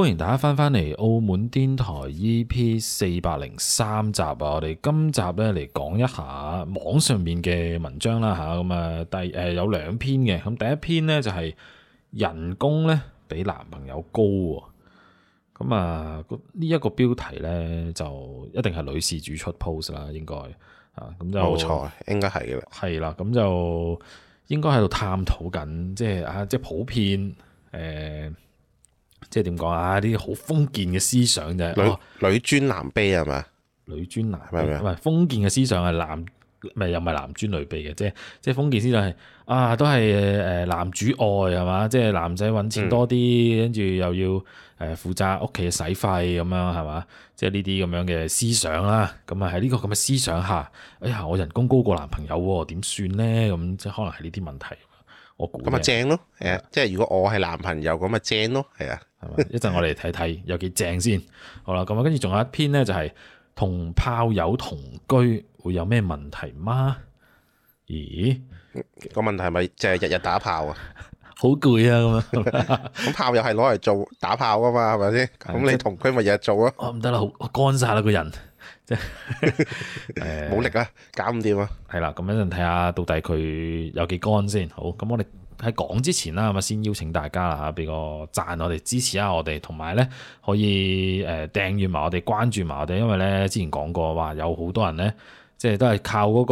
歡迎大家翻返嚟澳門癲台 EP 四百零三集啊！我哋今集咧嚟講一下網上面嘅文章啦吓，咁啊第誒、呃、有兩篇嘅，咁第一篇咧就係、是、人工咧比男朋友高，咁啊呢一、這個標題咧就一定係女事主出 post 啦，應該啊咁就冇錯，應該係嘅，係啦，咁就應該喺度探討緊，即係啊即係普遍誒。呃。即係點講啊？呢啲好封建嘅思想啫，女，哦、女尊男卑係嘛？女尊男咪咪咪，封建嘅思想係男咪又唔係男尊女卑嘅，即係即係封建思想係啊，都係誒男主外係嘛？即係男仔揾錢多啲，跟住，嗯、又要誒負責屋企嘅使費咁樣係嘛？即係呢啲咁樣嘅思想啦。咁啊喺呢個咁嘅思想下，哎呀，我人工高過男朋友，點算咧？咁即係可能係呢啲問題。咁咪正咯，係啊，即係如果我係男朋友咁咪正咯，係啊，係咪？一陣我哋睇睇有幾正先。好啦，咁啊，跟住仲有一篇咧，就係同炮友同居會有咩問題嗎？咦，個問題係咪淨係日日打炮啊？好攰啊，咁樣，咁炮友係攞嚟做打炮噶嘛，係咪先？咁你同居咪日日做咯？我唔得啦，好乾晒啦個人，即係誒，冇力啊，搞唔掂啊。係啦，咁一陣睇下到底佢有幾乾先。好，咁我哋。喺講之前啦，咁啊先邀請大家啦吓，俾個讚我哋支持下我哋，同埋咧可以誒訂閱埋我哋，關注埋我哋，因為咧之前講過話有好多人咧，即係都係靠嗰、那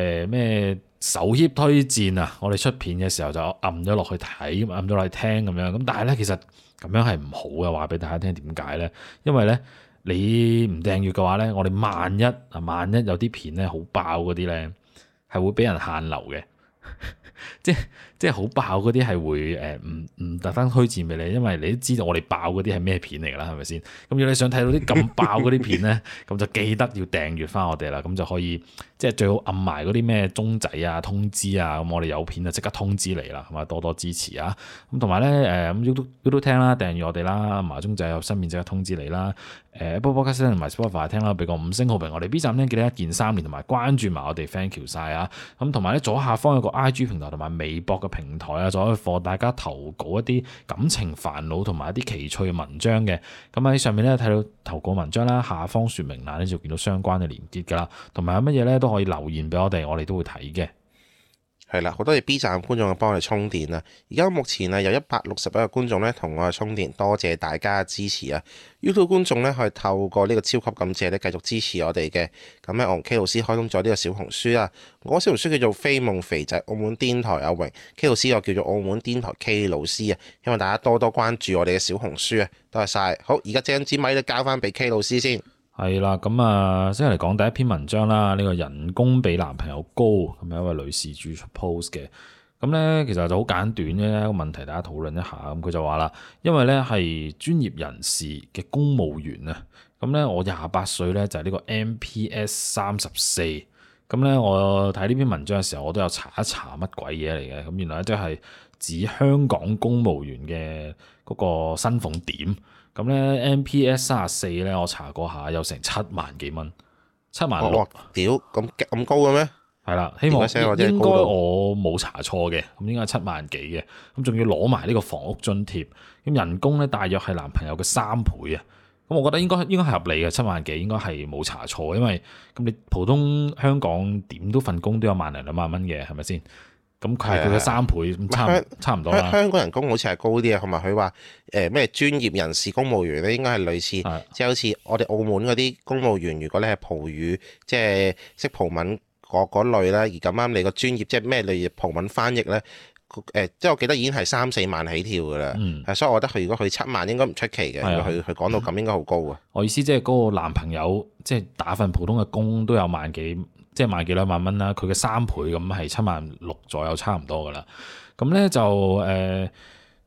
個咩、呃、首頁推薦啊，我哋出片嘅時候就按咗落去睇，咁按咗落去聽咁樣。咁但係咧，其實咁樣係唔好嘅，話俾大家聽點解咧？因為咧你唔訂閱嘅話咧，我哋萬一啊萬一有啲片咧好爆嗰啲咧，係會俾人限流嘅， 即係。即係好爆嗰啲係會誒唔唔特登推薦俾你，因為你都知道我哋爆嗰啲係咩片嚟㗎啦，係咪先？咁如果你想睇到啲咁爆嗰啲片咧，咁 就記得要訂閱翻我哋啦，咁就可以即係最好暗埋嗰啲咩鐘仔啊通知啊，咁我哋有片啊即刻通知你啦，係咪？多多支持啊！咁同埋咧誒咁 YouTube YouTube 聽啦，訂閱我哋啦，埋、啊、鐘仔有新面即刻通知你啦。誒波波卡聲同埋 Spotify 聽啦，俾個五星好評我哋 B 站咧記得一件三連同埋關注埋我哋 Thank You 晒啊！咁同埋咧左下方有個 IG 平台同埋微博嘅。平台啊，就可以幫大家投稿一啲感情煩惱同埋一啲奇趣嘅文章嘅。咁喺上面咧睇到投稿文章啦，下方說明欄咧就見到相關嘅連結噶啦，同埋有乜嘢咧都可以留言俾我哋，我哋都會睇嘅。係啦，好多謝 B 站觀眾啊，幫我哋充電啊！而家目前啊，有一百六十一個觀眾咧同我哋充電，多謝大家支持啊！YouTube 觀眾咧可以透過呢個超級感謝咧繼續支持我哋嘅。咁咧我同 K 老師開通咗呢個小紅書啊，我小紅書叫做飛夢肥仔澳門癲台阿榮，K 老師又叫做澳門癲台 K 老師啊，希望大家多多關注我哋嘅小紅書啊，多謝晒。好，而家將支咪咧交翻俾 K 老師先。係啦，咁啊，先嚟講第一篇文章啦。呢個人工比男朋友高，咁係一位女事主出 post 嘅。咁咧，其實就好簡短嘅一個問題，大家討論一下。咁佢就話啦，因為咧係專業人士嘅公務員啊。咁咧，我廿八歲咧就係呢個 MPS 三十四。咁咧，我睇呢篇文章嘅時候，我都有查一查乜鬼嘢嚟嘅。咁原來即係指香港公務員嘅嗰個身份點。咁咧，MPS 三十四咧，我查過下有成七萬幾蚊，七萬六。哇哇屌，咁咁高嘅咩？係啦，希望應該我冇查錯嘅，咁應該七萬幾嘅，咁仲要攞埋呢個房屋津貼，咁人工咧大約係男朋友嘅三倍啊，咁我覺得應該應該係合理嘅，七萬幾應該係冇查錯，因為咁你普通香港點都份工都有萬零兩萬蚊嘅，係咪先？咁佢係佢嘅三倍，的差差唔多。香港人工好似係高啲啊，同埋佢話誒咩專業人士公務員咧，應該係類似，的即係好似我哋澳門嗰啲公務員，如果你係葡語，即係識葡文嗰類啦。而咁啱你個專業即係咩類似葡文翻譯咧？誒，即係我記得已經係三四萬起跳噶啦。嗯，所以我覺得佢如果佢七萬應該唔出奇嘅。佢佢講到咁應該好高嘅，嗯。我意思即係嗰個男朋友即係、就是、打份普通嘅工都有萬幾。即係萬幾兩萬蚊啦，佢嘅三倍咁係七萬六左右，差唔多噶啦。咁咧就誒，咁、呃、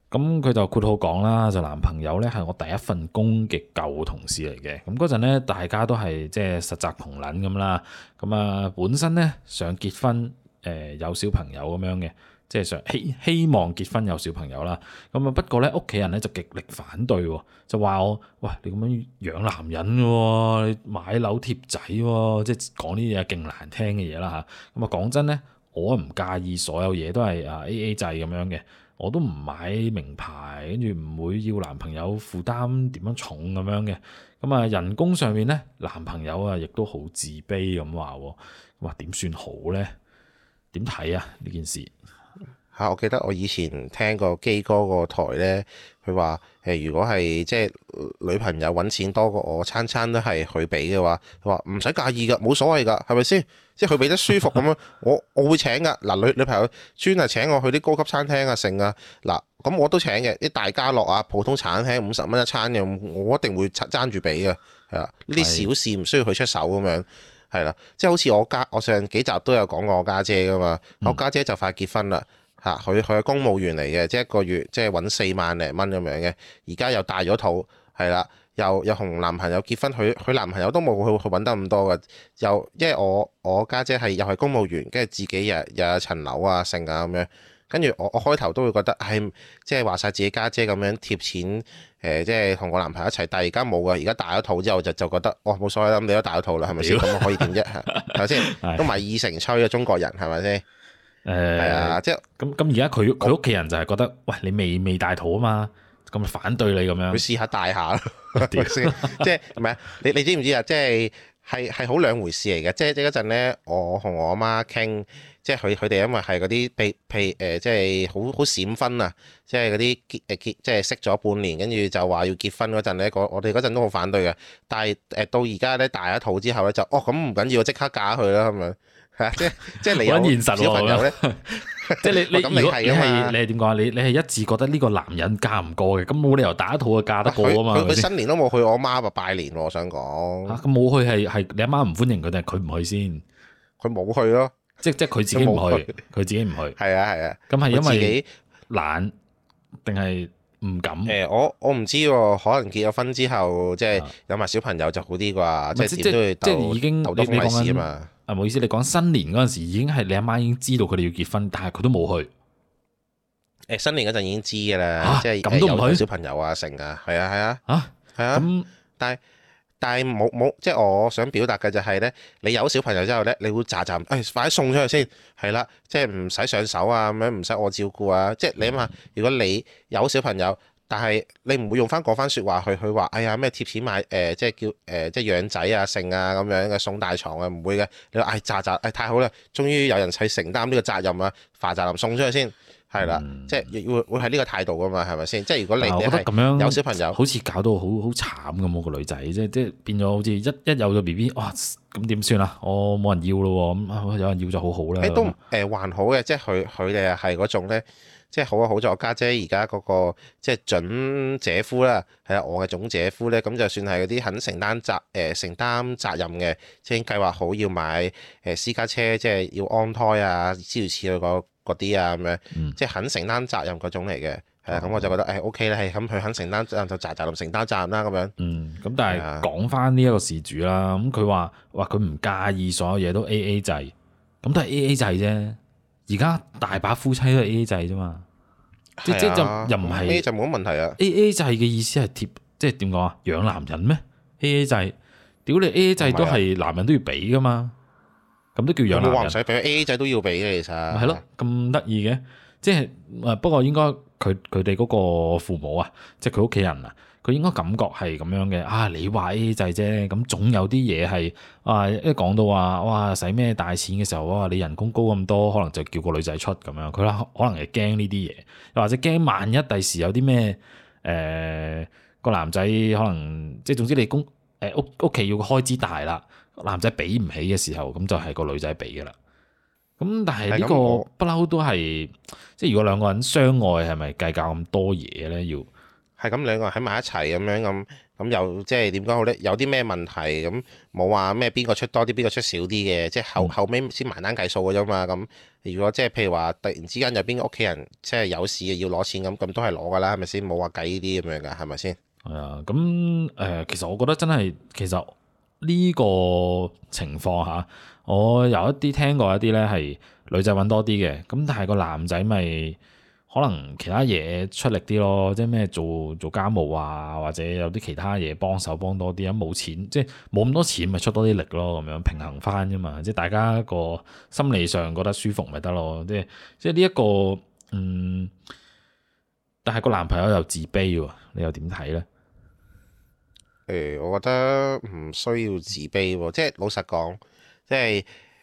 佢就括號講啦，就男朋友咧係我第一份工嘅舊同事嚟嘅。咁嗰陣咧大家都係即係實習窮撚咁啦。咁啊本身咧想結婚誒、呃、有小朋友咁樣嘅。即係想希希望結婚有小朋友啦，咁啊不過咧屋企人咧就極力反對，就話我喂你咁樣養男人喎、啊，你買樓貼仔喎、啊，即係講啲嘢勁難聽嘅嘢啦嚇。咁啊講真咧，我唔介意所有嘢都係啊 AA 制咁樣嘅，我都唔買名牌，跟住唔會要男朋友負擔點樣重咁樣嘅。咁啊人工上面咧，男朋友啊亦都好自卑咁話，咁話點算好咧？點睇啊？呢件事？嚇！我記得我以前聽過基哥個台咧，佢話誒，如果係即係女朋友揾錢多過我，餐餐都係佢俾嘅話，佢話唔使介意噶，冇所謂噶，係咪先？即係佢俾得舒服咁樣， 我我會請噶。嗱、呃，女女朋友專係請我去啲高級餐廳啊，剩、呃、啊。嗱，咁我都請嘅，啲大家樂啊，普通餐廳五十蚊一餐嘅，我一定會爭住俾嘅。係啊，呢啲的小事唔需要佢出手咁樣。係啦，即係好似我家我上幾集都有講過我家姐噶嘛，嗯、我家姐，姐就快結婚啦。嗱，佢佢係公務員嚟嘅，即係一個月即係揾四萬零蚊咁樣嘅，而家又大咗肚。係啦，又又同男朋友結婚，佢佢男朋友都冇去佢揾得咁多嘅，又因為我我家姐係又係公務員，跟住自己又又有層樓啊剩啊咁樣，跟住我我開頭都會覺得係即係話晒自己家姐咁樣貼錢，誒、呃、即係同我男朋友一齊，但係而家冇嘅，而家大咗肚之後就就覺得哇冇、哦、所謂啦，你大都大咗肚啦，係咪先，咁可以點啫？係咪先都咪以成吹嘅中國人係咪先？是誒係啊，即係咁咁而家佢佢屋企人就係覺得，喂，你未未大肚啊嘛，咁反對你咁樣，去試下大下啦，係咪先？即係唔係啊？你你知唔知啊？即係係係好兩回事嚟嘅。即係嗰陣咧，我同我阿媽傾，即係佢佢哋因為係嗰啲譬譬如誒，即係好好閃婚啊，即係嗰啲結誒結即係識咗半年，跟住就話要結婚嗰陣咧，我哋嗰陣都好反對嘅。但係誒到而家咧大咗肚之後咧，就哦咁唔緊要，即刻嫁佢啦咁樣。係啊，即係即係現實啊，小朋友咧，即係你你如果你係你係點講啊？你你係一致覺得呢個男人嫁唔過嘅，咁冇理由打一套就嫁得過啊嘛！佢佢新年都冇去我阿媽咪拜年，我想講吓，咁冇去係係你阿媽唔歡迎佢定係佢唔去先？佢冇去咯，即係即係佢自己冇去，佢自己唔去。係啊係啊，咁係因為自己懶定係唔敢？誒，我我唔知，可能結咗婚之後，即係有埋小朋友就好啲啩，即係即係即係已經頭都唔埋事啊嘛。啊，唔好意思，你講新年嗰陣時已經係你阿媽已經知道佢哋要結婚，但係佢都冇去。誒，新年嗰陣已經知噶啦，即係咁都唔去。小朋友啊，成啊，係啊，係啊，啊，係啊。咁但係但係冇冇，即係我想表達嘅就係、是、咧，你有小朋友之後咧，你會扎扎，誒、哎，快啲送出去先，係啦、啊，即係唔使上手啊，咁樣唔使我照顧啊，即係你諗下，如果你有小朋友。但係你唔會用翻嗰番説話去去話，哎呀咩貼錢買誒、呃，即係叫誒、呃、即係、呃、養仔啊、剩啊咁樣嘅送大床啊，唔會嘅。你話哎咋咋，哎太好啦，終於有人去承擔呢個責任啊，負責林送出去先，係啦，即係會會係呢個態度㗎嘛，係咪先？即係如果你你係有小朋友，好似搞到好好慘咁喎個女仔，即係即係變咗好似一一有咗 B B，哇咁點算啊？我冇人要咯，咁有人要就、嗯、好好啦。都誒還好嘅，即係佢佢哋係嗰種咧。即係好啊，好我姐姐在我家姐而家嗰個即係準姐夫啦，係啊，我嘅總姐夫咧，咁就算係嗰啲肯承擔責誒、呃、承擔責任嘅，即係計劃好要買誒私家車，即係要安胎啊，諸如此類嗰啲啊咁樣，即係肯承擔責任嗰種嚟嘅，係、嗯、啊，咁我就覺得誒 OK 啦，係咁佢肯承擔就就紮紮林承擔責任啦咁樣。嗯，咁、嗯、但係講翻呢一個事主啦，咁佢話話佢唔介意所有嘢都 A A 制，咁都係 A A 制啫。而家大把夫妻都係 A A 制啫嘛。啊、即即就又唔係 A A 制冇乜問題啊！A A 制嘅意思係貼，嗯、即係點講啊？養男人咩？A A 制，屌你 A A 制都係男人都要俾噶嘛，咁是、啊、都叫養男人。你話唔使俾 A A 制都要俾嘅其實。係咯，咁得意嘅，即係誒，不過應該。佢佢哋嗰個父母啊，即係佢屋企人啊，佢應該感覺係咁樣嘅。啊，你話呢啲啫，咁總有啲嘢係啊，一講到話，哇，使咩大錢嘅時候，哇、啊，你人工高咁多，可能就叫個女仔出咁樣。佢咧可能係驚呢啲嘢，又或者驚萬一第時有啲咩誒個男仔可能即係總之你工誒屋屋企要開支大啦，男仔俾唔起嘅時候，咁就係個女仔俾㗎啦。咁但係呢個不嬲都係，即係如果兩個人相愛，係咪計較咁多嘢咧？要係咁兩個人喺埋一齊咁樣咁，咁又即係點講好咧？有啲咩問題咁冇話咩邊個出多啲，邊個出少啲嘅？即係後後尾先埋單計數㗎啫嘛。咁如果即係譬如話突然之間有邊個屋企人即係有事要攞錢咁，咁都係攞㗎啦，係咪先？冇話計呢啲咁樣㗎，係咪先？係啊，咁誒，其實我覺得真係其實呢個情況下。我有一啲聽過一啲咧係女仔搵多啲嘅，咁但係個男仔咪可能其他嘢出力啲咯，即係咩做做家務啊，或者有啲其他嘢幫手幫多啲，咁冇錢即係冇咁多錢咪出多啲力咯，咁樣平衡返啫嘛，即係大家個心理上覺得舒服咪得咯，即係即係呢一個嗯，但係個男朋友又自卑喎，你又點睇咧？誒、欸，我覺得唔需要自卑喎，即係老實講。即係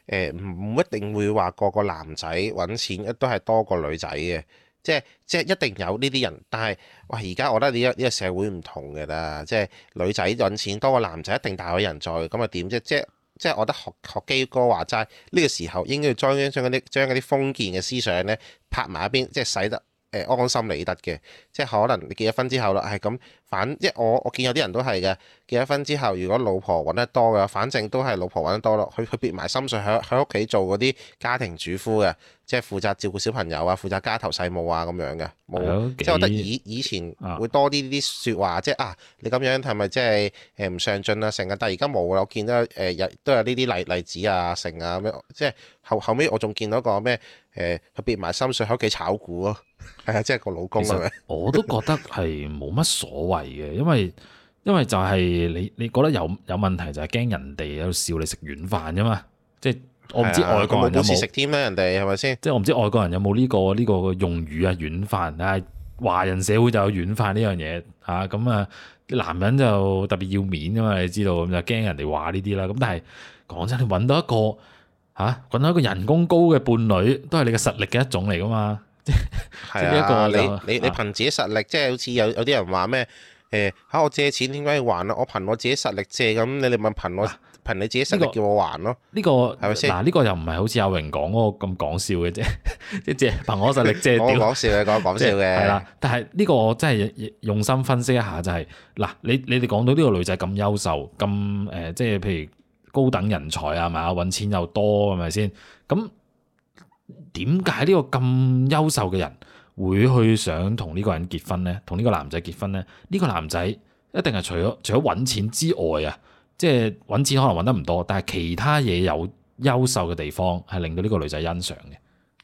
誒，唔、欸、唔一定會話個個男仔揾錢都係多過女仔嘅，即係即係一定有呢啲人。但係喂，而家我覺得呢一呢個社會唔同嘅啦，即係女仔揾錢多過男仔，一定大有人在，咁啊點啫？即即係我覺得學學基哥話齋，呢、呢個時候應該要將將嗰啲將啲封建嘅思想咧拍埋一邊，即係使得。誒安心理得嘅，即係可能你結咗婚之後啦，係咁反即我我見有啲人都係嘅，結咗婚之後，如果老婆揾得多嘅，反正都係老婆揾得多咯，佢佢別埋心水喺喺屋企做嗰啲家庭主夫嘅，即係負責照顧小朋友啊，負責家頭細務啊咁樣嘅冇 Okay. 即係我覺得以以前會多啲啲説話，即係啊你咁樣係咪即係誒唔上進啊成啊，但係而家冇啦，我見到誒日、呃、都有呢啲例例子啊成啊咩，即係後後尾我仲見到個咩誒佢別埋心水喺屋企炒股咯。係啊，即係個老公啊！我都覺得係冇乜所謂嘅，因為因為就係你你覺得有有問題就係驚人哋喺度笑你食軟飯啫嘛，即係我唔知外國人有冇食添咩，人哋係咪先？即係我唔知外國人有冇呢個呢個用語啊軟飯，但係，華人社會就有軟飯呢樣嘢吓，咁啊，啲男人就特別要面噶嘛，你知道咁就驚人哋話呢啲啦。咁但係講真，你搵到一個吓，搵到一個人工高嘅伴侶，都係你嘅實力嘅一種嚟噶嘛。係啊，你你你憑自己實力，即係好似有有啲人話咩？誒，吓我借錢點解要還啊？我憑我自己實力借，咁你哋咪憑我憑你自己實力叫我還咯？呢個嗱，呢個又唔係好似阿榮講嗰個咁講笑嘅啫，即係憑我實力借屌。講講笑嘅，講講笑嘅。係啦，但係呢個我真係用心分析一下，就係嗱，你你哋講到呢個女仔咁優秀，咁誒，即係譬如高等人才啊，係咪啊，搵錢又多，係咪先？咁。點解呢個咁優秀嘅人會去想同呢個人結婚呢？同呢個男仔結婚呢？呢個男仔一定係除咗除咗揾錢之外啊，即係揾錢可能揾得唔多，但係其他嘢有優秀嘅地方係令到呢個女仔欣賞嘅。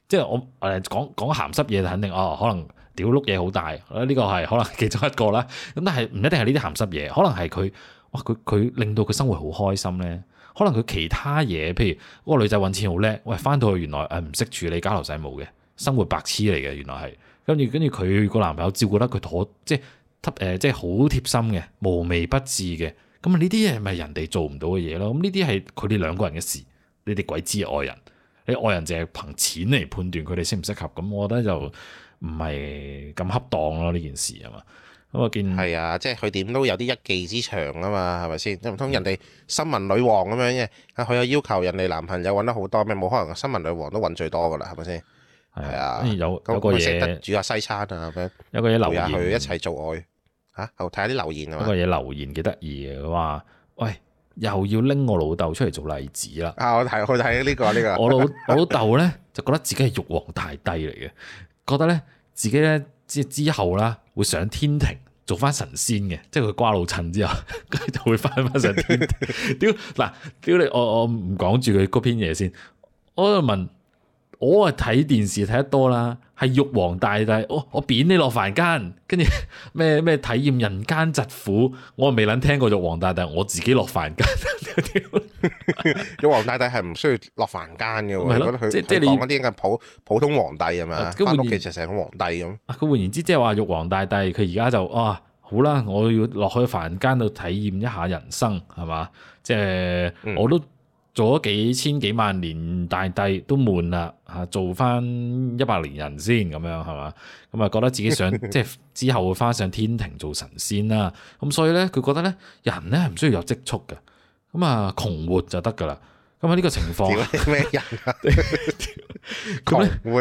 即係我誒講講鹹濕嘢就肯定，哦，可能屌碌嘢好大，呢個係可能其中一個啦。咁但係唔一定係呢啲鹹濕嘢，可能係佢哇佢佢令到佢生活好開心呢。可能佢其他嘢，譬如嗰個、哦、女仔揾錢好叻，喂翻到去原來係唔識處理家頭細務嘅，生活白痴嚟嘅原來係，跟住跟住佢個男朋友照顧得佢妥，即係誒即係好貼心嘅，無微不至嘅，咁呢啲嘢咪人哋做唔到嘅嘢咯，咁呢啲係佢哋兩個人嘅事，你哋鬼知外人，你外人淨係憑錢嚟判斷佢哋適唔適合，咁我覺得就唔係咁恰當咯呢件事啊嘛。咁啊我見係啊，即係佢點都有啲一技之長啊嘛，係咪先？唔通人哋新聞女王咁樣嘅？啊，佢有要求人哋男朋友揾得好多咩？冇可能新聞女王都揾最多噶啦，係咪先？係啊，有有個嘢食得煮下西餐啊，咁有個留言去一齊做愛吓？睇下啲留言啊，有個嘢留言幾得意嘅，佢話喂又要拎我老豆出嚟做例子啦。啊，我睇我睇呢個呢個 我，我老老豆咧就覺得自己係玉皇大帝嚟嘅，覺得咧自己咧之之後啦。會上天庭做翻神仙嘅，即係佢瓜老襯之後，佢 就會翻翻上天庭。屌嗱， 屌你我我唔講住佢嗰篇嘢先，我問。我係睇電視睇得多啦，係玉皇大帝，我、哦、我貶你落凡間，跟住咩咩體驗人間疾苦，我未撚聽過玉皇大帝，我自己落凡間。 玉皇大帝係唔需要落凡間嘅喎。即即係你講嗰啲咁普普通皇帝係嘛？翻屋企就成個皇帝咁。佢換言之，即係話玉皇大帝，佢而家就啊，好啦，我要落去凡間度體驗一下人生，係嘛？即、就、係、是、我都。嗯做咗幾千幾萬年大帝都悶啦吓，做翻一百年人先咁樣係嘛？咁啊覺得自己想即係之後會翻上天庭做神仙啦、啊。咁所以咧，佢覺得咧人咧唔需要有積蓄嘅，咁啊窮活就得噶啦。咁啊呢個情況咩人啊？窮 窮活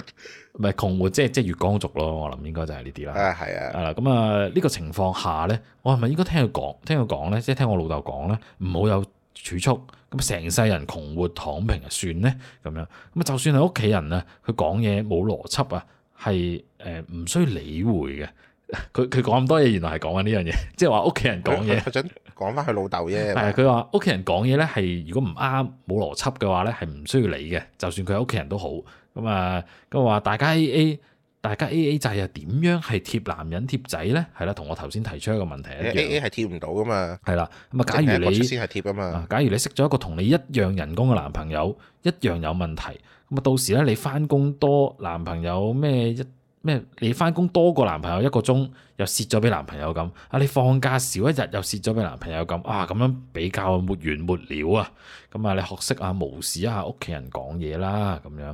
唔係窮活、就是，即係即係月光族咯。我諗應該就係呢啲啦。啊係啊。係啦、啊。咁啊呢、這個情況下咧，我係咪應該聽佢講？聽佢講咧，即係聽我老豆講咧，唔好有。儲蓄，咁成世人窮活躺平啊，算咧咁樣。咁啊、呃就是， 就算係屋企人啊，佢講嘢冇邏輯啊，係誒唔需要理會嘅。佢佢講咁多嘢，原來係講緊呢樣嘢，即係話屋企人講嘢。講翻佢老豆啫。係佢話屋企人講嘢咧，係如果唔啱冇邏輯嘅話咧，係唔需要理嘅。就算佢係屋企人都好。咁啊，咁話大家 AA。大家 A A 制又點樣係貼男人貼仔呢？係啦，同我頭先提出一個問題一樣。A A 係貼唔到噶嘛？係啦，咁啊，假如你先係貼噶嘛？假如你識咗一個同你一樣人工嘅男朋友，一樣有問題，咁啊，到時咧你返工多男朋友咩一咩？你返工多過男朋友一個鐘，又蝕咗俾男朋友咁。啊，你放假少一日又蝕咗俾男朋友咁。哇、啊，咁樣比較啊，沒完沒了啊！咁啊，你學識啊，無視一下屋企人講嘢啦，咁樣。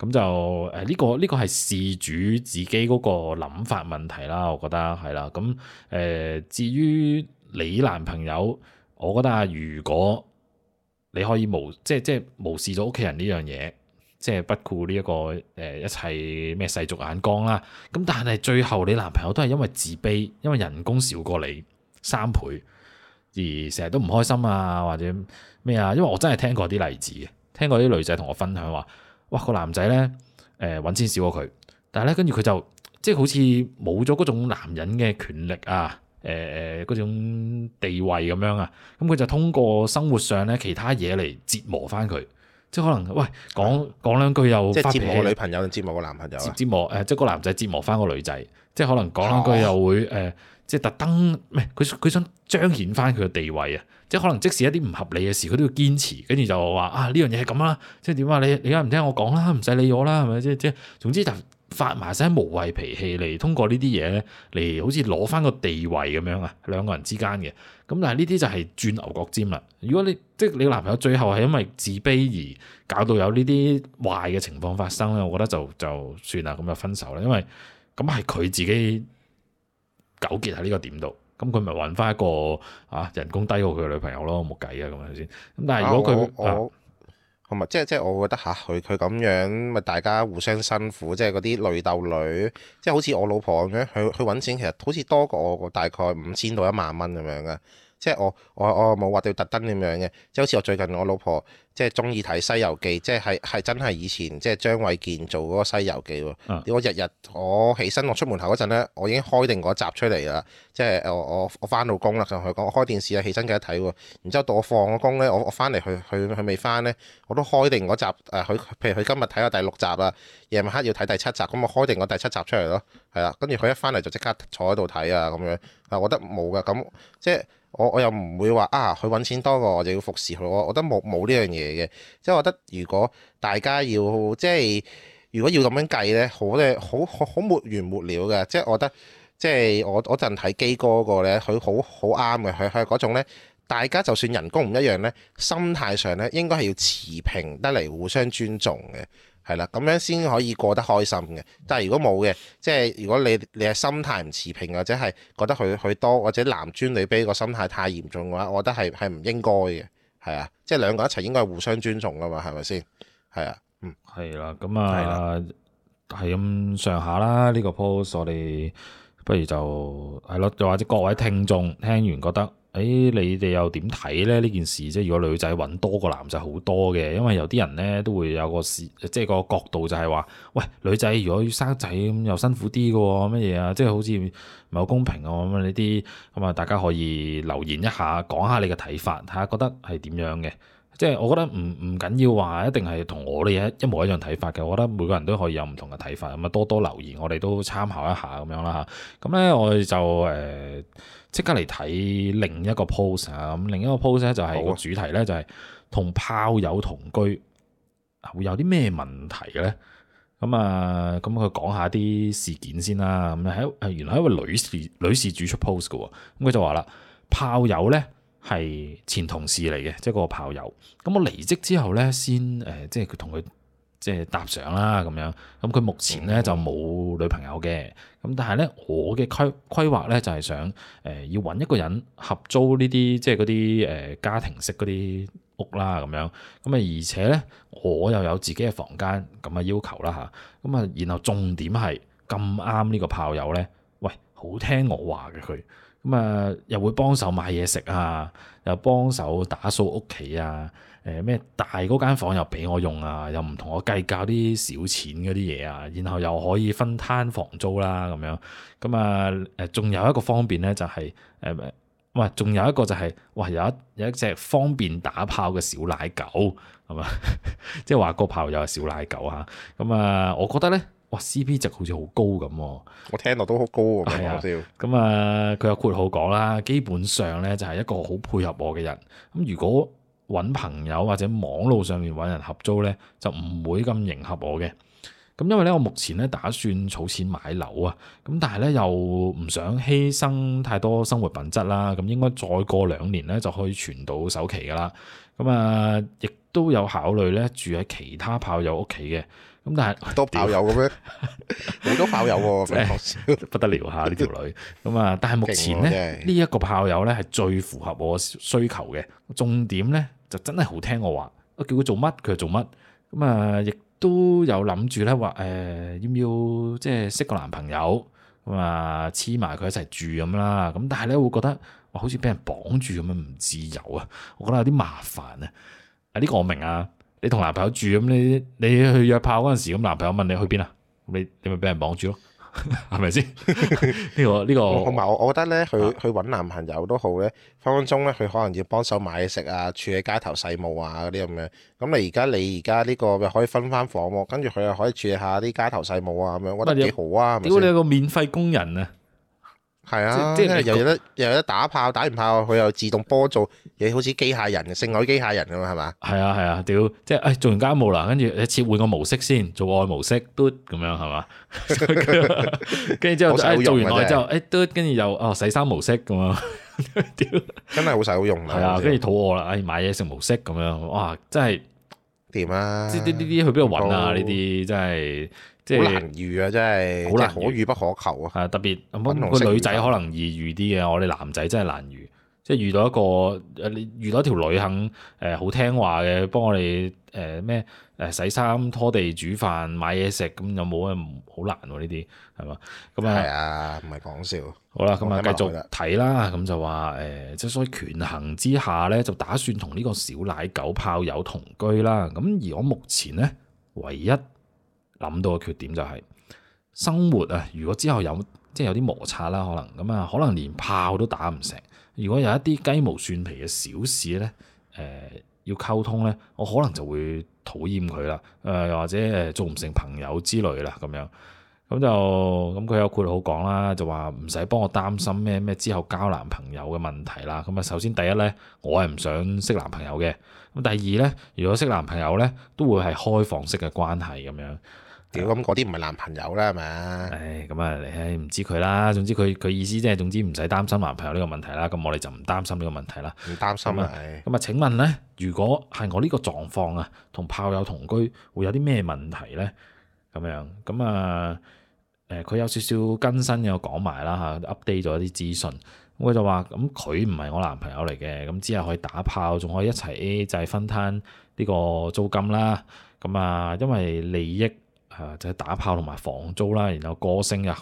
咁就誒呢個呢個係事主自己嗰個諗法問題啦，我覺得係啦。咁誒、呃、至於你男朋友，我覺得啊，如果你可以無即即無視咗屋企人呢樣嘢，即係不顧呢一個誒、呃、一切咩世俗眼光啦。咁但係最後你男朋友都係因為自卑，因為人工少過你三倍，而成日都唔開心啊，或者咩啊？因為我真係聽過啲例子嘅，聽過啲女仔同我分享話。哇！個男仔咧，誒、欸、揾錢少過佢，但係咧跟住佢就即係好似冇咗嗰種男人嘅權力啊，誒誒嗰種地位咁樣啊，咁、嗯、佢就通過生活上咧其他嘢嚟折磨翻佢，即係可能喂講講兩句又發脾氣即折磨女朋友折磨個男朋友、啊、男折磨誒即係個男仔折磨翻個女仔，即係可能講兩句又會誒。哦呃即係特登，唔係佢佢想彰顯翻佢嘅地位啊！即係可能即使一啲唔合理嘅事，佢都要堅持，跟住就話啊呢樣嘢係咁啦，即係點啊？你你而家唔聽我講啦、啊，唔使理我啦、啊，係咪？即即係總之就發埋晒無謂脾氣嚟，通過呢啲嘢咧嚟，好似攞翻個地位咁樣啊！兩個人之間嘅咁，但係呢啲就係鑽牛角尖啦。如果你即係你男朋友最後係因為自卑而搞到有呢啲壞嘅情況發生咧，我覺得就就算啦，咁就分手啦。因為咁係佢自己。糾結喺呢個點度，咁佢咪揾翻一個啊人工低過佢嘅女朋友咯，冇計啊咁樣先。咁但係如果佢、啊、我同埋、啊、即係即係我覺得吓，佢佢咁樣咪大家互相辛苦，即係嗰啲女鬥女，即係好似我老婆咁樣，佢佢揾錢其實好似多過我大概五千到一萬蚊咁樣嘅。即係我我我冇話要特登咁樣嘅，即係好似我最近我老婆即係中意睇《西遊記》即係係，即係係係真係以前即係張衛健做嗰個《西遊記》喎、嗯。點我日日我起身我出門口嗰陣咧，我已經開定嗰集出嚟啦。即係我我我翻到工啦，就同佢講：我開電視啊，起身記得睇喎。然之後到我放咗工咧，我我翻嚟去去佢未翻咧，我都開定嗰集誒。佢、啊、譬如佢今日睇下第六集啦，夜晚黑要睇第七集，咁我開定個第七集出嚟咯。係啦，跟住佢一翻嚟就即刻坐喺度睇啊咁樣。啊，我覺得冇㗎，咁即係。即我我又唔會話啊，佢揾錢多過我就要服侍佢，我覺得冇冇呢樣嘢嘅。即係我覺得如果大家要即係如果要咁樣計呢，好咧，好好好沒完沒了嘅。即係我覺得即係我嗰陣睇基哥嗰個咧，佢好好啱嘅。佢係嗰種咧，大家就算人工唔一樣呢，心態上呢，應該係要持平得嚟互相尊重嘅。係啦，咁樣先可以過得開心嘅。但係如果冇嘅，即係如果你你係心態唔持平，或者係覺得佢佢多或者男尊女卑個心態太嚴重嘅話，我覺得係係唔應該嘅，係啊。即係兩個一齊應該互相尊重噶嘛，係咪先？係啊，嗯，係啦，咁啊，係啦，係咁上下啦。呢個 post 我哋不如就係咯，就或者各位聽眾聽完覺得。誒、哎，你哋又點睇咧呢件事？即係如果女仔揾多過男仔好多嘅，因為有啲人咧都會有個視，即係個角度就係話，喂，女仔如果要生仔咁又辛苦啲嘅喎，乜嘢啊？即係好似唔係好公平啊咁啊呢啲咁啊，大家可以留言一下，講下你嘅睇法，睇下覺得係點樣嘅。即係我覺得唔唔緊要話一定係同我哋嘢一,一模一樣睇法嘅，我覺得每個人都可以有唔同嘅睇法，咁啊多多留言，我哋都參考一下咁樣啦嚇。咁、嗯、咧，我哋就誒。呃即刻嚟睇另一個 post 啊！咁另一個 post 咧就係、是、個好主題咧就係、是、同炮友同居會有啲咩問題咧？咁啊，咁佢講下啲事件先啦。咁喺原來係一位女士女事主出 post 嘅喎。咁佢就話啦，炮友咧係前同事嚟嘅，即、就、係、是、個炮友。咁我離職之後咧先誒、呃，即係佢同佢。即係搭上啦咁樣，咁佢目前咧就冇女朋友嘅，咁但係咧我嘅規規劃咧就係、是、想誒、呃、要揾一個人合租呢啲即係嗰啲誒家庭式嗰啲屋啦咁樣，咁啊而且咧我又有自己嘅房間咁嘅要求啦吓，咁啊然後重點係咁啱呢個炮友咧，喂，好聽我話嘅佢，咁啊又會幫手買嘢食啊，又幫手、啊、打掃屋企啊。誒咩大嗰間房又俾我用啊，又唔同我計較啲小錢嗰啲嘢啊，然後又可以分攤房租啦、啊、咁樣，咁啊誒仲有一個方便咧就係誒唔係仲有一個就係、是、哇有一有一隻方便打炮嘅小奶狗係嘛，即係話個炮友係小奶狗吓、啊，咁、嗯、啊我覺得咧哇 CP 值好似好高咁、啊，我聽落都好高，搞笑啊，咁、嗯、啊佢、 嗯嗯、有括號講啦，基本上咧就係一個好配合我嘅人，咁、嗯、如果。揾朋友或者網路上面揾人合租呢，就唔會咁迎合我嘅。咁因為呢，我目前呢打算儲錢買樓啊。咁但係呢，又唔想犧牲太多生活品質啦。咁應該再過兩年呢，就可以存到首期噶啦。咁啊，亦都有考慮呢住喺其他炮友屋企嘅。咁但係多炮友咁咩？好 多炮友， 真係不得了吓，呢條女。咁啊，但係目前咧呢一的個炮友咧係最符合我需求嘅。重點咧就真係好聽我話，我叫佢做乜佢做乜。咁、嗯、啊，亦都有諗住咧話，誒、呃、要唔要即係識個男朋友咁啊，黐埋佢一齊住咁啦。咁、嗯、但係咧，我會覺得我好似俾人綁住咁樣唔自由啊！我覺得有啲麻煩啊。啊呢個我明啊。你同男朋友住咁，你你去約炮嗰陣時，咁男朋友問你去邊啊？你你咪俾人綁住咯，係咪先？呢個呢個，同埋我覺得咧，去去搵男朋友都好咧，分分鐘咧，佢可能要幫手買嘢食啊，處理街頭細務啊嗰啲咁樣。咁你而家你而家呢個咪可以分翻房喎，跟住佢又可以處理下啲街頭細務啊咁樣，我覺得幾、啊好，啊啊、好啊。屌你有，是是你有個免費工人啊！係啊，即係又有得又有得打炮，打完炮佢又自動波做嘢，好似機械人性愛機械人咁啊，係嘛？係啊係啊，屌、就是！即係誒，做完家務啦，跟住你切換個模式先，做愛模式，嘟咁樣係嘛？跟住之後， 啊、做完愛之後，誒，嘟，跟住又哦，洗衫模式咁啊，屌！真係好使好用啊！係啊，跟住肚餓啦，哎，買嘢食模式咁樣，哇，真係掂啊！即啲啲去邊度搵啊？呢啲、啊啊、真係。即係難遇啊！真係，即係可遇不可求啊！係、嗯、特別個、嗯、女仔可能易遇啲嘅，我哋男仔真係難遇。即係遇到一個，遇到一條女肯誒好聽話嘅，幫我哋誒咩誒洗衫、拖地、煮飯、買嘢食，咁有冇啊，好難喎，呢啲係嘛？咁啊，係啊，唔係講笑。好啦，咁啊、嗯、繼續睇啦。咁就話誒，即、呃、係所以權衡之下咧，就打算同呢個小奶狗炮友同居啦。咁而我目前咧唯一。諗到個缺點就係生活啊。如果之後有即係有啲摩擦啦，可能咁啊，可能連炮都打唔成。如果有一啲雞毛蒜皮嘅小事咧，誒、呃、要溝通咧，我可能就會討厭佢啦。誒、呃、又或者誒做唔成朋友之類啦，咁樣咁就咁佢有括號講啦，就話唔使幫我擔心咩咩之後交男朋友嘅問題啦。咁啊，首先第一咧，我係唔想識男朋友嘅。咁第二咧，如果識男朋友咧，都會係開放式嘅關係咁樣。屌，咁嗰啲唔係男朋友啦，係咪、哎？唉，咁啊，唉，唔知佢啦。總之佢佢意思即、就、係、是，總之唔使擔心男朋友呢個問題啦。咁我哋就唔擔心呢個問題啦。唔擔心啦，咁啊？請問咧，如果係我呢個狀況啊，同炮友同居會有啲咩問題咧？咁樣咁啊？誒、嗯，佢、嗯嗯、有少少更新又講埋啦吓，update 咗啲資訊。咁佢、嗯、就話咁佢唔係我男朋友嚟嘅，咁之後可以打炮，仲可以一齊就係分攤呢個租金啦。咁、嗯、啊、嗯，因為利益。誒，即係打炮同埋房租啦，然後個性又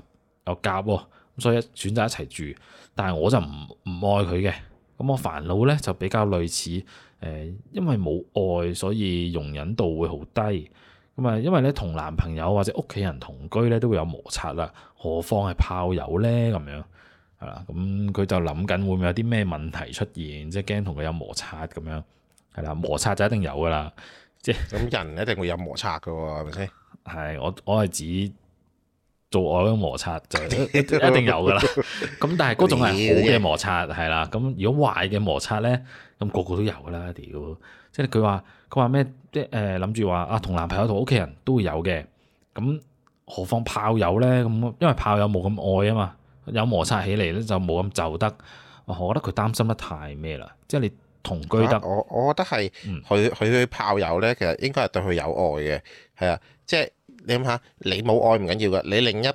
又夾喎，咁所以選擇一齊住。但係我就唔唔愛佢嘅，咁我煩惱咧就比較類似誒，因為冇愛，所以容忍度會好低。咁啊，因為咧同男朋友或者屋企人同居咧都會有摩擦啦，何況係炮友咧咁樣，係、嗯、啦。咁佢就諗緊會唔會有啲咩問題出現，即係驚同佢有摩擦咁樣，係啦，摩擦就一定有噶啦，即係咁人一定會有摩擦噶喎，係咪先？係我我係指做愛嘅摩擦就是、一，定一定有噶啦，咁 但係嗰種係好嘅摩擦係啦，咁如果壞嘅摩擦咧，咁、那個個都有噶啦，屌！即係佢話佢話咩？即係誒諗住話啊，同男朋友同屋企人都會有嘅，咁何況炮友咧？咁因為炮友冇咁愛啊嘛，有摩擦起嚟咧就冇咁就得。我覺得佢擔心得太咩啦？即、就、係、是、你同居得，我我覺得係佢佢對炮友咧，其實應該係對佢有愛嘅，係啊，即、就、係、是。你諗下，你冇愛唔緊要嘅，你另一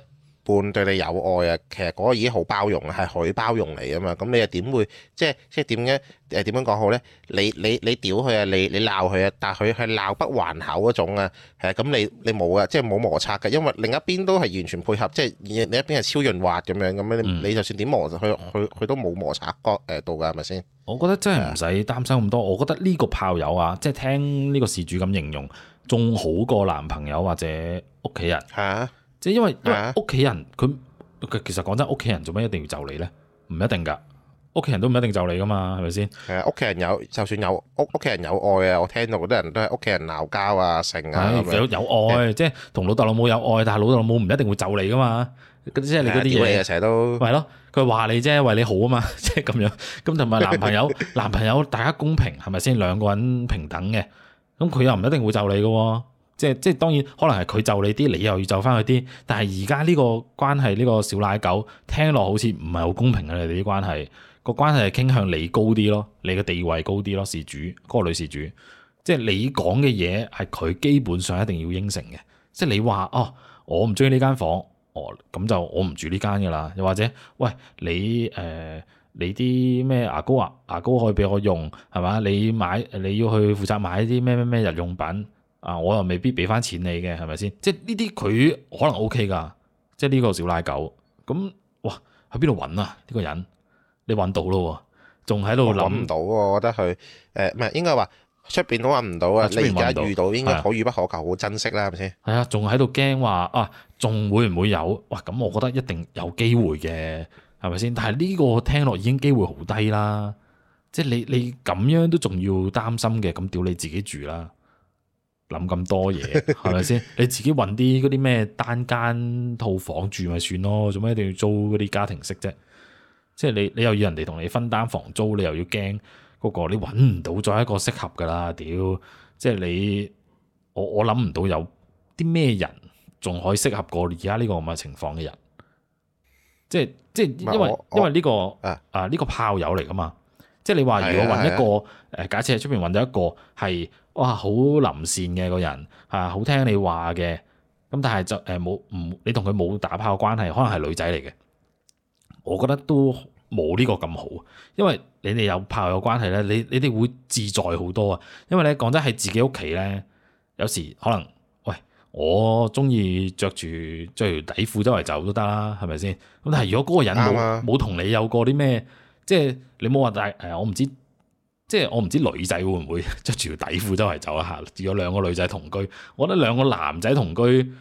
半對你有愛啊，其實嗰個已經好包容啦，係佢包容你啊嘛。咁你又點會，即係即係點咧？誒點樣講好咧？你你你屌佢啊，你你鬧佢啊，但係佢係鬧不還口嗰種啊。係，咁你你冇啊，即係冇摩擦嘅，因為另一邊都係完全配合，即係你一邊係超潤滑咁樣咁樣，嗯、你就算點磨，佢佢佢都冇摩擦角誒度㗎，係咪先？我覺得真係唔使擔心咁多，我覺得呢個炮友啊，即係聽呢個事主咁形容。仲好過男朋友或者屋企人，即係因為因為屋企人佢其實講真，屋企人做咩一定要就你咧？唔一定噶，屋企人都唔一定就你噶嘛，係咪先？係啊，屋企人有就算有屋屋企人有愛啊，我聽到好多人都係屋企人鬧交啊、成啊，有有愛，即係同老豆老母有愛，但係老豆老母唔一定會就你噶嘛，即係你嗰啲嘢成日都，咪咯，佢話你啫，為你好啊嘛，即係咁樣，咁同埋男朋友，男朋友大家公平係咪先？兩個人平等嘅。咁佢又唔一定會就你嘅。哦，即係即係當然可能係佢就你啲，你又要就翻佢啲。但係而家呢個關係呢，呢個小奶狗聽落好似唔係好公平嘅你哋啲關係，個關係係傾向你高啲咯，你嘅地位高啲咯，事主嗰、嗰個女事主，即係你講嘅嘢係佢基本上一定要應承嘅，即係你話哦，我唔中意呢間房，哦咁就我唔住呢間噶啦，又或者喂你誒。呃你啲咩牙膏啊？牙膏可以俾我用係嘛？你買你要去負責買啲咩咩咩日用品啊？我又未必俾翻錢你嘅係咪先？即係呢啲佢可能 O K 噶。即係呢個小奶狗。咁哇，去邊度揾啊？呢、呢個人你揾到咯，仲喺度諗唔到喎。我覺得佢誒唔係應該話出邊都揾唔到啊。你而家遇到應該可遇不可求，啊、好珍惜啦，係咪先？係啊，仲喺度驚話啊，仲會唔會有哇？咁我覺得一定有機會嘅。係咪先？但係呢個聽落已經機會好低啦，即係你你咁樣都仲要擔心嘅，咁屌你自己住啦，諗咁多嘢係咪先？你自己搵啲嗰啲咩單間套房住咪算咯，做咩一定要租嗰啲家庭式啫？即係你你又要人哋同你分擔房租，你又要驚嗰個你搵唔到再一個適合噶啦，屌！即係你我我諗唔到有啲咩人仲可以適合過而家呢個咁嘅情況嘅人。即係即係，因為因為呢個啊呢、啊呢個炮友嚟㗎嘛，即係你話如果揾一個誒，的假設喺出邊揾咗一個係哇好臨線嘅個人嚇，好聽你話嘅，咁但係就誒冇唔你同佢冇打炮關係，可能係女仔嚟嘅，我覺得都冇呢個咁好，因為你哋有炮友關係咧，你你哋會自在好多啊，因為咧講真喺自己屋企咧，有時可能。我中意着住著條底褲周圍走都得啦，係咪先？咁但係如果嗰個人冇冇同你有過啲咩，即係你冇話，但係誒我唔知，即係我唔知女仔會唔會着住條底褲周圍走啊？嚇，有兩個女仔同居，我覺得兩個男仔同居，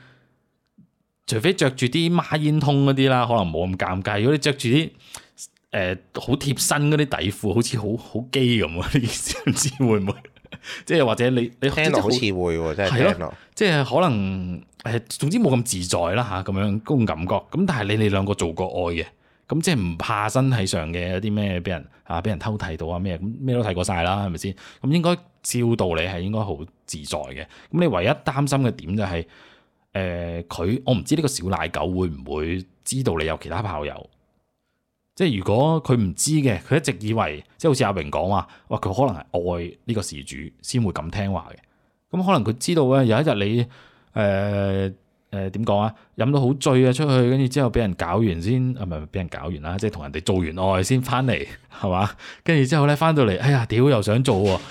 除非着住啲孖煙筒嗰啲啦，可能冇咁尷尬。如果你着住啲誒好貼身嗰啲底褲，好似好好基咁啲意思，唔 知會唔會？即係或者你你聽落好似會喎，真係聽落，即係可能誒，總之冇咁自在啦吓，咁樣嗰種感覺。咁但係你哋兩個做過愛嘅，咁即係唔怕身體上嘅一啲咩俾人啊，俾人偷睇到啊咩，咁咩都睇過晒啦，係咪先？咁應該照道理係應該好自在嘅。咁你唯一擔心嘅點就係、是、誒，佢、呃、我唔知呢個小奶狗會唔會知道你有其他炮友。即係如果佢唔知嘅，佢一直以為即係好似阿榮講話，哇佢可能係愛呢個事主先會咁聽話嘅。咁可能佢知道咧，有一日你誒誒點講啊，飲、呃呃、到好醉啊出去，跟住之後俾人搞完先，唔、啊、咪？俾人搞完啦，即係同人哋做完愛先翻嚟，係嘛？跟住之後咧翻到嚟，哎呀屌又想做喎，啊，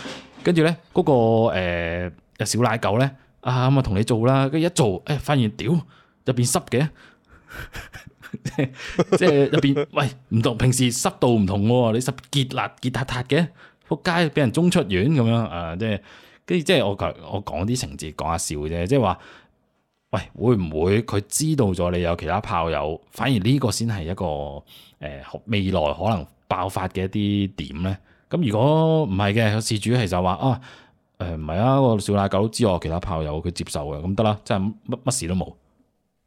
跟住咧嗰個誒、呃、小奶狗咧啊咁啊同你做啦，跟住一做誒發現屌入邊濕嘅。 即係入邊，喂，唔同平時濕度唔同，你濕結辣結塌塌嘅，仆街，俾人中出院咁樣啊，即係跟住，即係我講我講啲情節講下笑啫，即係話喂，會唔會佢知道咗你有其他炮友，反而呢個先係一個誒、呃、未來可能爆發嘅一啲點咧。咁如果唔係嘅，事主係就話啊，誒，唔係啊，個小奶狗知我有其他炮友，佢接受嘅，咁得啦，真係乜乜事都冇。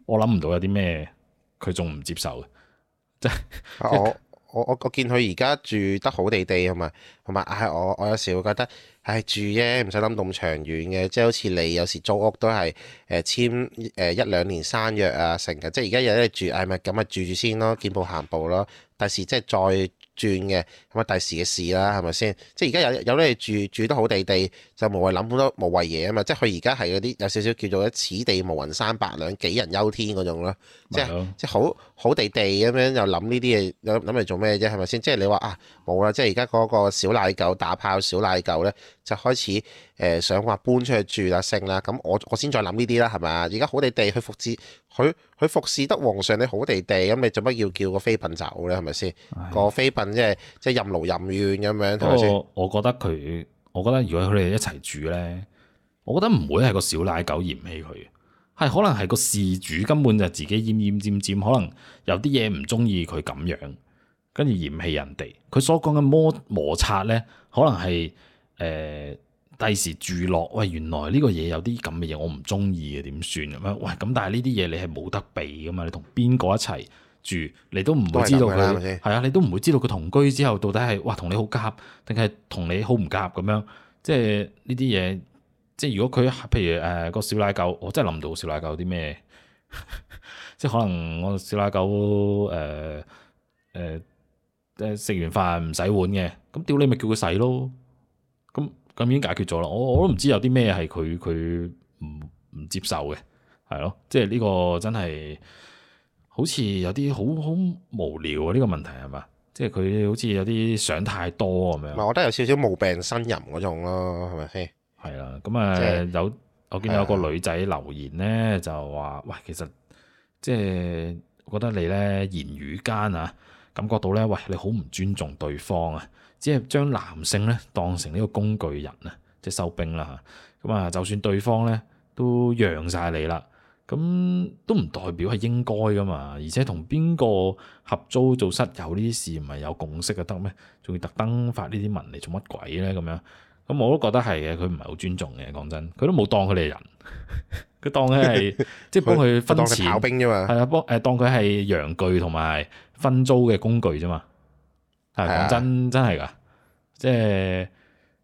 我諗唔到有啲咩。佢仲唔接受嘅？即係 我我我我見佢而家住得好地地係咪？同埋唉，我我有時會覺得唉住啫，唔使諗咁長遠嘅。即係好似你有時租屋都係誒、呃、簽誒一、呃、一兩年生約啊，成日即係而家有啲住係咪咁咪住住先咯，見步行步咯。第時即係再轉嘅咁啊，第時嘅事啦，係咪先？即係而家有有人住住得好地地，就無謂諗好多無謂嘢啊嘛！即係佢而家係嗰啲有少少叫做一此地無雲三百兩杞人憂天嗰種咯，即係即係好好地地咁樣又諗呢啲嘢，又諗嚟做咩啫？係咪先？即係你話啊，冇啦！即係而家嗰個小奶狗打炮，小奶狗咧就開始誒想話搬出去住啦、啊、升啦。咁我我先再諗呢啲啦，係咪啊？而家好地地去復置。佢佢服侍得皇上你好地地，咁你做乜要叫是是唉個妃嬪走咧？係咪先？個妃嬪即係即係任勞任怨咁樣，係咪先？不過我，我覺得佢，我覺得如果佢哋一齊住咧，我覺得唔會係個小奶狗嫌棄佢，係可能係個事主根本就自己厭厭尖尖，可能有啲嘢唔中意佢咁樣，跟住嫌棄人哋。佢所講嘅摩摩擦咧，可能係誒。呃第時住落，喂，原來呢個嘢有啲咁嘅嘢，我唔中意呀，點算？喂，咁但係呢啲嘢你係冇得避噶嘛？你同邊個一齊住，你都唔會知道佢係啊，你都唔會知道佢同居之後到底係哇同你好夾，定係同你好唔夾咁樣？即係呢啲嘢，即係如果佢譬如誒、呃那個小奶狗，我真係諗唔到小奶狗啲咩， 即係可能我小奶狗誒誒誒食完飯唔洗碗嘅，咁屌你咪叫佢洗咯。咁已經解決咗啦，我我都唔知有啲咩係佢佢唔唔接受嘅，係咯，即係呢個真係好似有啲好好無聊啊！呢個問題係嘛？即係佢好似有啲想太多咁樣。我覺得有少少無病呻吟嗰種咯，係咪先？係啦，咁啊是有我見到有個女仔留言咧，是的 就話喂，其實即係覺得你咧言語間啊，感覺到咧喂你好唔尊重對方啊。即係將男性咧當成呢個工具人啊，即係收兵啦嚇。咁啊，就算對方咧都讓晒你啦，咁、啊、都唔代表係應該噶嘛。而且同邊個合租做室友呢啲事唔係有共識就得咩？仲要特登發呢啲文嚟做乜鬼咧？咁樣咁我都覺得係嘅，佢唔係好尊重嘅。講真，佢都冇當佢哋人，佢 當佢係即係幫佢分錢，當佢跑兵啫嘛。 係啊，幫誒當佢係陽具同埋分租嘅工具啫嘛。係講真，真係噶，即係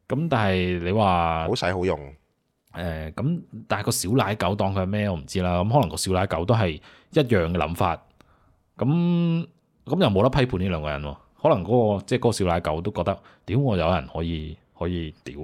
咁。但係你話好使好用誒，咁、呃、但係個小奶狗當佢係咩？我唔知啦。咁可能個小奶狗都係一樣嘅諗法。咁咁又冇得批判呢兩個人。可能嗰、那個即係嗰個小奶狗都覺得屌，我有人可以可以屌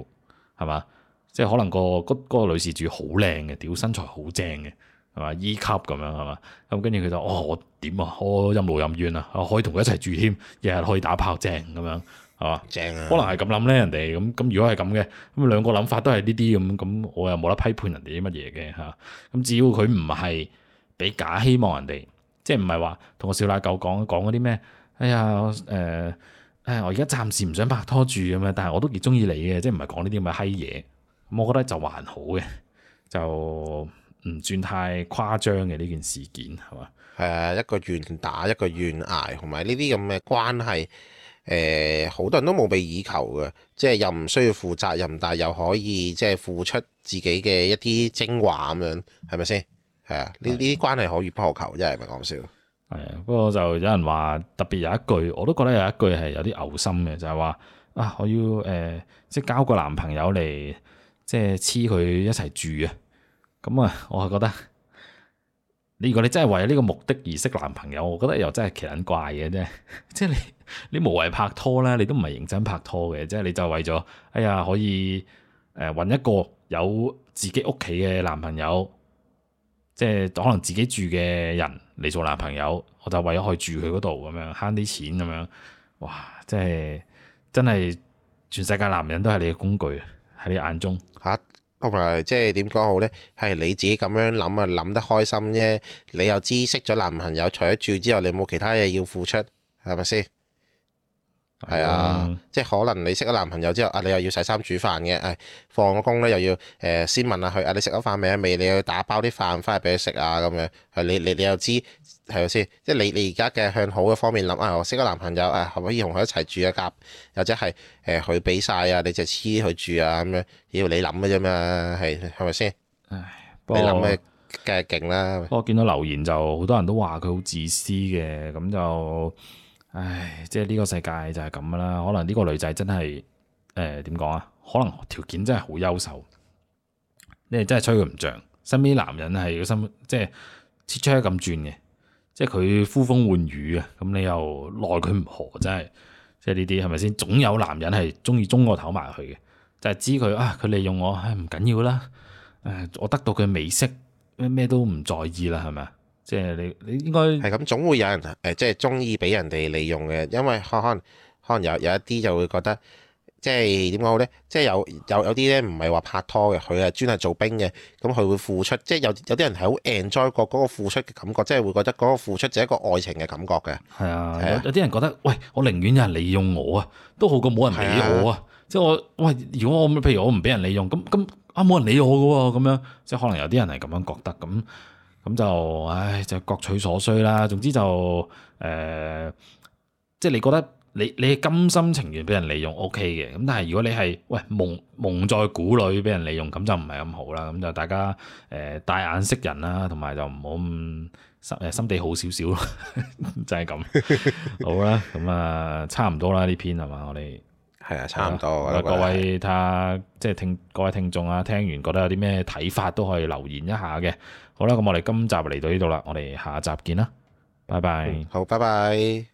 係嘛？即係、就是、可能、那個、那個女事主好靚嘅，屌身材好正嘅。係嘛 E 級咁、哦、樣係嘛，咁跟住佢就哦，我點啊？我任路任怨任勞任怨啊，我可以同佢一齊住添，日日可以打炮正咁樣係嘛？正，正、啊、可能係咁諗咧，人哋咁咁，如果係咁嘅咁兩個諗法都係呢啲咁咁，我又冇得批判人哋啲乜嘢嘅嚇。咁只要佢唔係俾假希望人哋，即係唔係話同個小奶狗講講嗰啲咩？哎呀，誒誒，我而家暫時唔想拍拖住咁啊，但係我都幾中意你嘅，即係唔係講呢啲咁嘅閪嘢。咁、嗯、我覺得就還好嘅就。唔算太誇張嘅呢件事件係嘛？係啊，一個願打一個願挨，同埋呢啲咁嘅關係，誒、呃、好多人都冇被以求嘅，即係又唔需要負責任，但又，又可以即係付出自己嘅一啲精華咁樣，係咪先？係啊，呢啲的關係可遇不可求，真係唔係講笑。係啊，不過就有人話特別有一句，我都覺得有一句係有啲嘔心嘅，就係、是、話啊，我要誒、呃、即係交個男朋友嚟即係黐佢一齊住啊！咁啊，我係覺得你如果你真係為咗呢個目的而識男朋友，我覺得又真係奇撚怪嘅啫。即 係你你無謂拍拖啦，你都唔係認真拍拖嘅，即係你就為咗哎呀可以誒搵一個有自己屋企嘅男朋友，即係可能自己住嘅人嚟，做男朋友，我就為咗去住佢嗰度咁樣慳啲錢咁樣。哇！即係真係真係全世界男人都係你嘅工具喺你眼中吓。同埋、嗯、即係點講好咧？係你自己咁樣諗啊，諗得開心啫。你又知識咗男朋友除咗住之後，你冇其他嘢要付出啊？係咪先？係啊，即係 可能你識咗男朋友之後，啊你又要洗衫煮飯嘅，誒放咗工咧又要誒、呃、先問下佢，啊你食咗飯未啊未？你要打包啲飯翻去俾佢食啊，咁樣，係你你你又知係咪先？即係你你而家嘅，向好嘅方面諗啊、哎，我識咗男朋友啊，可唔可以同佢一齊住一格？或者係誒佢俾晒啊，你就黐佢住啊咁樣，樣，要你諗嘅啫嘛，係係咪先？唉、哎喲，不過。 我見到留言就好多人都話佢好自私嘅，咁就。 唉，即係呢個世界就係咁噶啦。可能呢個女仔真係誒點講啊？可能條件真係好優秀，你真係吹佢唔脹。身邊啲男人係個心，即係切出咁轉嘅，即係佢呼風喚雨啊。咁你又奈佢唔何，真係即係呢啲係咪先？總有男人係中意中個頭埋去嘅，就係、是、知佢啊，佢利用我，唉，唔緊要啦。誒，我得到佢美色咩咩都唔在意啦，係咪即係你，你應該係咁，總會有人誒，即係中意俾人哋利用嘅，因為可能可能有有一啲就會覺得，即係點講好咧？即係有有有啲咧唔係話拍拖嘅，佢係專係做兵嘅，咁佢會付出，即係有有啲人係好 enjoy 過嗰個付出嘅感覺，即係會覺得嗰個付出就係一個愛情嘅感覺嘅。係啊，啊有有啲人覺得，喂，我寧願有人利用我啊，都好過冇人理我啊！即係我喂，如果我譬如我唔俾人利用，咁咁啊冇人理我噶喎，咁樣即係可能有啲人係咁樣覺得咁。咁就，唉，就各取所需啦。總之就，誒、呃，即、就、係、是、你覺得你你甘心情願俾人利用，O K 嘅。咁、okay、但係如果你係，喂，蒙蒙在鼓裏俾人利用，咁就唔係咁好啦。咁就大家誒戴、呃、眼識人啦，同埋就唔好咁心誒心地好少少咯， 就係咁。好啦，咁、嗯、啊，差唔多啦，呢篇係嘛？我哋係啊，差唔多。各位看看、就是、聽即係聽各位聽眾啊，聽完覺得有啲咩睇法都可以留言一下嘅。好啦，咁我哋今集嚟到呢度啦，我哋下集見啦，拜拜。嗯，好，拜拜。